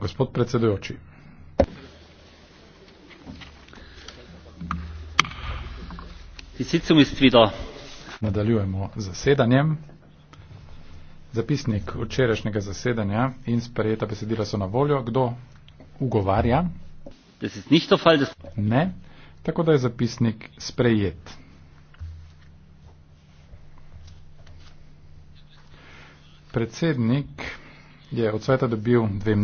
gospod predsedujoči nadaljujemo z zasedanjem zapisnik včerajšnjega zasedanja in sprejeta besedila so na voljo kdo ugovarja ne tako da je zapisnik sprejet predsednik je od sveta dobil dve mnenji.